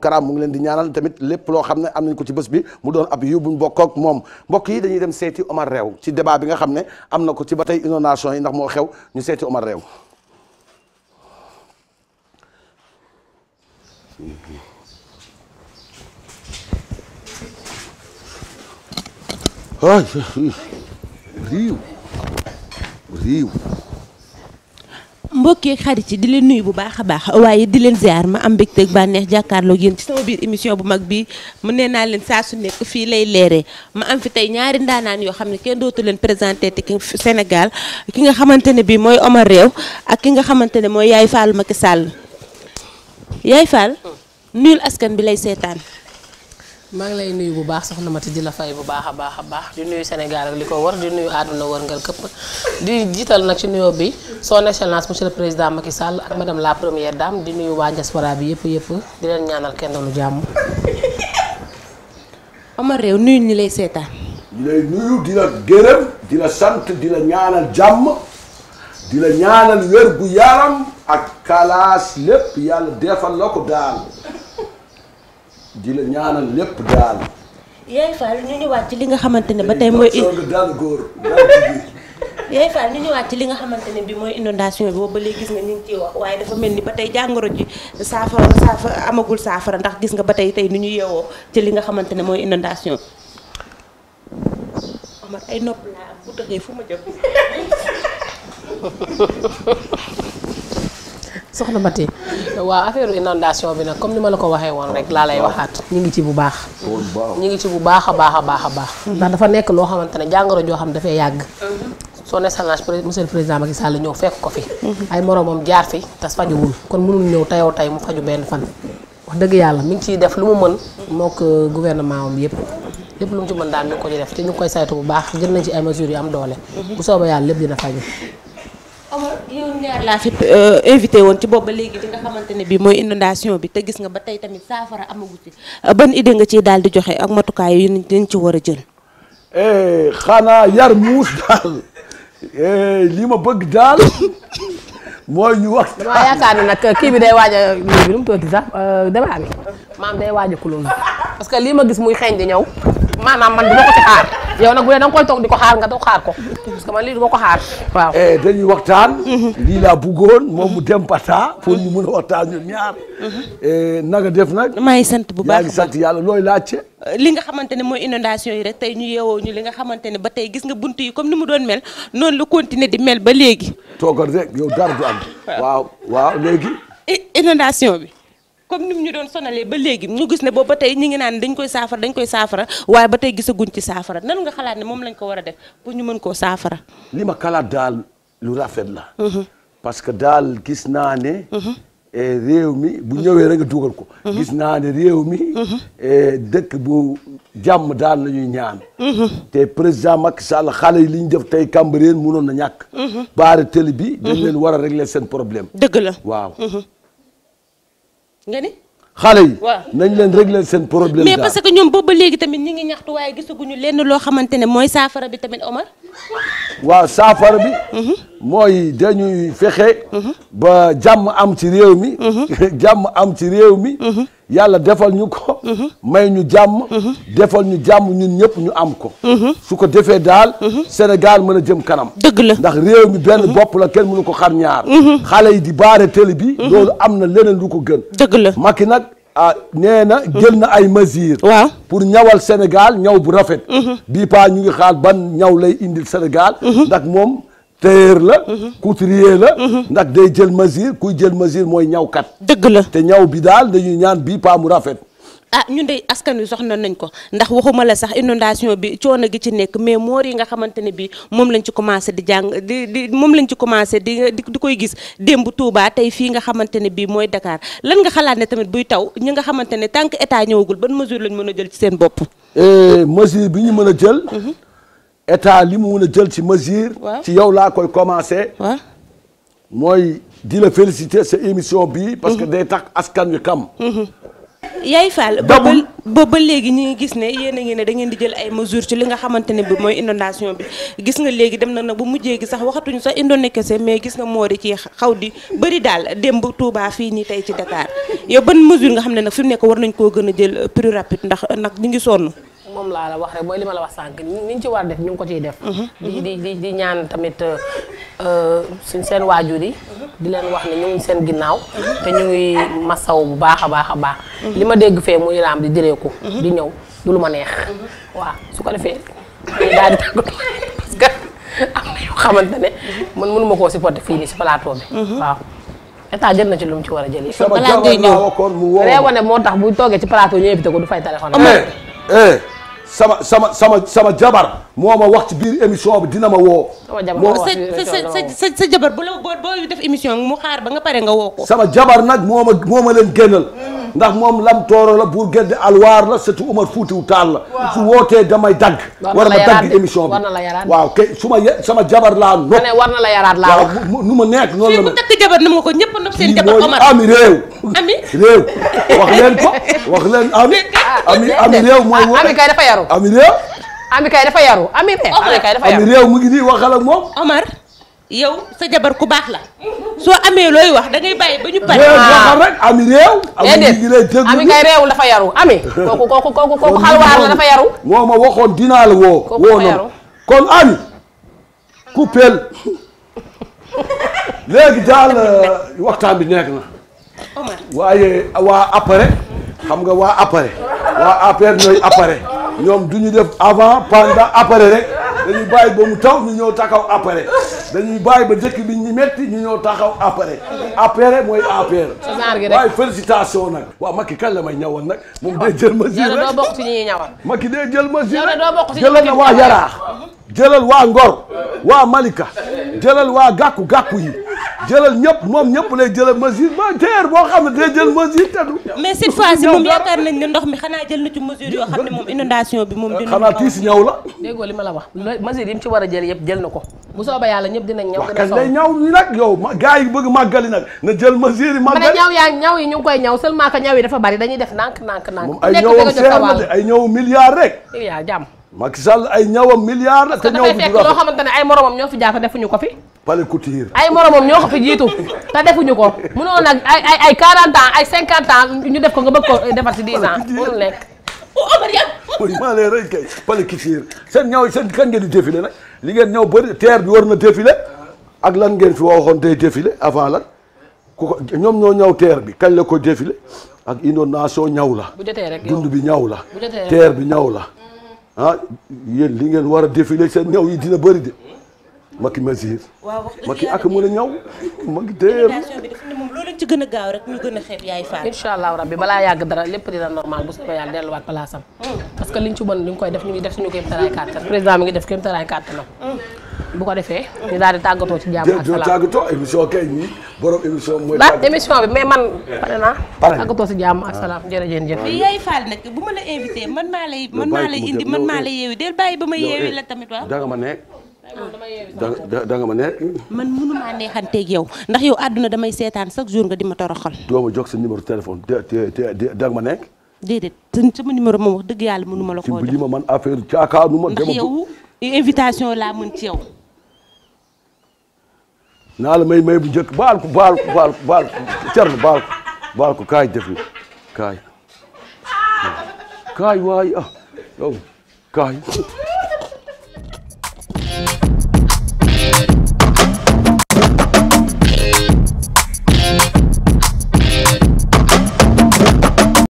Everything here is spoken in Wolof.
Karaam mu ngi leen di ñaanal tamit lépp loo xam ne am nañ ko ci bés bi mu doon ab yiw buñ bokk moom mbokk yi dañuy dem seeti Omar Rew ci débat bi nga xam ne am na ko ci ba tey inondation yi ndax moo xew ñu seeti Omar Rew riiw mbokki xarit yi di leen nuyu bu baax a baax waaye di leen ziar ma am mbégte ak bànneex jàkkaarloo yéen ci sama biir émission bu mag bi mu nee naa leen saa su nekk fii lay leere ma am fi tey ñaari ndaanaan yoo xam ne kenn dootu leen présenté te ki Sénégal ki nga xamante ne bii mooy Omar Réew ak ki nga xamante ne mooy Yaay Fall Macky Sall Yaay Fall nuyul askan bi lay seetaan. maa ngi lay nuyu bu baax sax soxna Mati di la fay bu baax a baax baax di nuyu Sénégal li ko war di nuyu àdduna wërngal këpp di jiital nag ci nuyoo bi son excellence monsieur le président Macky Sall ak madame la première daam di nuyu waa diaspora bi yëpp yëpp di leen ñaanal kenn lu jàmm. Omar Rew nuyu ñi lay seetaan. di lay nuyu di la gërëm sant di la ñaanal jàmm di la ñaanal wér gu yaram ak kalaas lépp yàlla defal la ko daal. di la ñaanal lépp daal. yaay Fall ñu ñëwaat ci li nga xamante ne ba tey mooy. daal ñu ñëwaat ci li nga xamante ne bi mooy inondation bi boobu ba léegi gis nga ñu ngi ciy wax waaye dafa mel ni ba tey jàngoro ji saafara saafara amagul saafara ndax gis nga ba tey tey nu ñu yeewoo ci li nga xamante ne mooy inondation Omar ay nopp laa am bu tëxee fu ma jëm. soxna Maté. waaw affaire inondation bi nag comme ni ma la ko waxee woon rek laa lay waxaat. ñu ngi ci bu baax. ñu ngi ci bu baax a baax a baax a baax. ndax dafa nekk loo xamante ne jàngoro joo xam dafay yàgg. son excellence monsieur le président Macky Sall ñëw fekk ko fi. Mhm. ay moromam jaar fi te fajuwul kon mënul ñëw teyoo tey mu faju benn fan. wax dëgg yàlla mi ngi ciy def lu mu mën. mook euh, gouvernement am yëpp. lépp lu mu ci mën daal mi ngi ko ci def te ñu ngi koy saytu bu baax jël nañ ci ay mesures yu am doole. Mhm. bu soobee yàlla lépp dina faju Omar yow laa euh, invité woon ci boobu ba léegi li nga xamante ne bii mooy inondation bi te gis nga ba tey tamit saafara amagu ci ban idée nga ciy daal di joxe ak matukaay yu ñu ci war a jël. Eh, xanaa yar muus daal eh, li ma bëgg daal mooy ñu wax. damaa yaakaar nag kii bi day waaj a lii bi nu mu tuddati sax euh, débat maam day waaj a parce que lii ma gis muy xeeñ di ñëw maanaam man du ko ci yow nag bu dee da nga koy toog di ko xaar nga toog xaar ko parce que man lii du ma ko xaar waaw eh, dañuy waxtaan mhm. lii laa bëggoon moom mu dem pata pour ñu mën a waxtaan ñun ñaar mhm. eh, naga def nag maa ngi sant bu baax yaa ngi sant yàlla looy laajte li nga xamante ne mooy inondation yi rek tey ñu yeewoo ñu li nga xamante ne ba tey gis nga bunt yi comme ni mu doon mel noonu la continuer di mel ba léegi toogal rek yow dara du am waaw waaw léegi inondation bi comme ni mu ñu doon sonalee ba léegi ñu gis ne boobu ba tey ñi ngi naan dañ koy saafara dañ koy saafara waaye ba tey gisaguñ ci saafara nan nga xalaat ne moom lañ ko war a def pour ñu mën koo saafara. li ma kalaat daal lu rafet la. Mhm. parce que daal gis naa ne. Mhm. Eh, réew mi bu ñëwee rek nga dugal ko. Mhm. gis naa ne réew mi. Eh, dëkk bu jàmm daal la ñuy ñaan. te président Macky Sall xale yi li def tey Cambérène munoon na ñàkk. a télé bi. dañ leen war a régler seen problème. dëgg la nga ni. xale yi nañ leen régler seen problème. mais parce que ñoom boobu ba léegi tamit ñu ngi ñaxtu waaye gisaguñu lenn loo xamante ne mooy saafara bi tamit Omar. waaw saafara bi. Mhm. mooy dañuy fexe. Mhm. ba jàmm am ci réew mi. Mhm. jàmm am ci réew mi. yàlla defal ñu ko. may ñu jàmm. defal ñu jàmm ñu ñëpp ñu am ko. su ko defee daal. Sénégal mën a jëm kanam. dëgg la ndax réew mi benn bopp la kenn mënu ko xar ñaar. xale yi di baare télé bi. loolu am na leneen lu ko gën. dëgg la ah na jël na ay mesures. waaw pour ñawal Sénégal ñaw bu rafet. Mhm. bii paa ñu ngi xaar ban ñaw lay indil Sénégal. Mhm. ndax moom tailleur la. Mhm. couturier la. ndax day jël mesure kuy jël mesure mooy ñawkat. dëgg la te ñaw bi daal dañuy ñaan bii paa mu rafet. ah ñun de askan wi soxna nañ ko ndax waxuma la sax inondation bi coono gi ci nekk mais moor yi nga xamante ne bii moom lañ ci commencé di jàng di moom lañ ci commencé di di koy gis démb Touba tey fii nga xamante ne bii mooy dakaar lan nga xalaat ne tamit buy taw ñi nga xamante ne tant que état ñëwagul ban mesure lañu mën a jël ci seen bopp. Eh, mesure bi ñu mën a jël. Mhm. état li mu mën a jël ci mesure. ci yow laa koy commencé. waaw mooy di la féliciter sa émission bi parce que mhm. day tax askan wi xam. Mhm. Yaay Fall ba ba léegi ñu ngi gis ne yéen a ngi ne da ngeen di jël ay mesures ci li nga xamante ne bi mooy inondation bi gis nga léegi dem na nag ba mujjee gi sax waxatuñu sax indoné kese mais gis nga moo di ci xaw di bëri daal démb Touba fii nii tey ci Dakar yow ban mesure nga xam ne nag fi mu nekk war nañ koo gën a jël plus rapide ndax nag ñu ngi sonn moom laa la wax rek mooy li ma la wax sànq ni ñu ci war def ñu ngi ko ciy def mhm. di di di ñaan tamit euh, suñ seen waajur yi mhm. di leen wax ne ñu seen ginnaaw. te ñu ngi masaw bu baax a baax a baax. li ma dégg fee muy laam di jëree ko. di ñëw du lu ma neex. waaw su ko defee daal di tàggatoo parce que am na yoo xamante ne man mënu ma koo supporter fii nii si plateau bi. waaw état jël na ci lu mu ci war a jëlee. balaa ngay laa waxoon mu moo tax bu toogee ci plateau ñu invité ko du fay téléphone. amee. Eh. sama sama sama sama jabar moo ma wax ci biir émission bi dina ma woo. moo sa sa sa jabar bu la boo def émission mu xaar ba nga pare nga woo ko. sama jabar nag moo ma moo ma leen génnal. ndax moom lam tooro la buur gende alwaar la surtout Umar Fuutiw Taal la su wootee damay dagg war ma dagg émission bi waaw kay su ma sama jabar laa no war na la yaraat laa wax nu ma nekk noonu la ma takk jabar na ma ko ñëpp nopp seen jabar Omar ami réew ami réew wax leen ko wax leen ami ami ami réew mooy ah, ami kay dafa yaru ami réew ami kay dafa yaru ami kay dafa yaru ami réew mu ngi nii waxal ak moom Omar yow sa jabar ku baax la soo amee looy wax da ngay bàyyi ba ñu pare. Ah. waaw rek ami réew. déedéet ami kay réew dafa yaru ami. kooku kooku kooku kooku xalwaar la dafa yaru. moo ma waxoon dinaa la woo. woo na kon ami coupeel léegi daal euh, waxtaan bi nekk na. waaye waa après xam nga waa après waa après ñooy après ñoom du ñu def avant pendant après rek. dañuy bàyyi ba mu taw ñu ñëw taxaw après dañuy bàyyi ba dëkk bi ñu metti ñu ñëw taxaw après après mooy APR. waaye félicitation nag. waaw Macky kan la may ñawoon nag moom day jël mesure rek yow doo bokk ci ñi ñawoon. Macky day jël mesure rek doo bokk ci jëlal na waa Yaraax jëlal waa Ngor waa Malika jëlal waa gàkku gàkku yi. jëlal ñëpp moom ñëpp lay jëlal mesure ba teer boo xam ne day jël mesure teddu mais cette fois ndox mi xanaa jël na yoo xam ne moom inondation bi moom dina xanaa tiis ñaw la déggoo li ma la wax mesure ci war a jël yëpp jël ko bu soobee dinañ ñaw dina soobee lay ñaw ñi nag yow na jël mesure yi màggali ñaw yaa ñaw yi ñu ngi koy ñaw seulement que ñaw yi dafa bari dañuy def nànk nànk nànk moom ay ñëwam seer na de ay rek yaa jàmm Macky Sall ay ñawam milliards ak te ñawam dafay fekk loo xamante ne ay moromam ñoo fi jaar defuñu ko fi pale couture ay moromam ñoo ko fi jiitu te defuñu ko mënoon nag ay ay ay 40 ans ay 50 ans ñu def ko nga bëgg ko defar ci 10 ans mënul nekk oh, oh, oui maa lay rëy kay pale couture seen ñaw seen kan ngeen di défilé nag li ngeen ñaw bëri terre bi war na défilé ak lan ngeen fi waxoon day défilé avant lan ku ko ñoom ñoo ñaw terre bi kañ la ko défilé ak inondation ñaw la dund bi ñaw la terre bi ñaw la ah yéen li ngeen war a défilé seen ñaw yi dina bëri de Macky Mazir. waaw wax dëgg Macky ak mën a ñaw. Macky téyeem bi dafa ne moom loolu ci a gaaw rek ñu gën a xeeb yaay faal. incha allah rabbi balaa yàgg dara lépp dina normal bu soobee yàlla delluwaat palaasam. Hmm. parce que président mi ngi def kéem taraay kàttanam. Hmm. bu ko defee ñu daal di tàggatoo ci jàmm ak salaam tàggatoo émission kay ñi borom émission mooy tàggatoo émission jàmm ak salaam jërëjëf jëf yaay invité man maa lay man maa lay eh. ba ma eh. yeewi la tamit waaw danga ma nekk danga ma nekk man mënumaa neexanteeg yow ndax yow àdduna damay seetaan chaque jour nga di ma toroxal doo ma jox sa numéro téléphone danga ma nekk déedéet sama numéro moom wax dëgg yàlla mënuma la koo jox ci ma man affaire caakaanu ndax yow invitation laa mën ci yow naa la may may bu njëkk baal ko baal ko baal ko baal ko Thierno baal ko baal ko kaay def nii kaay kaay waay ah yow kaay.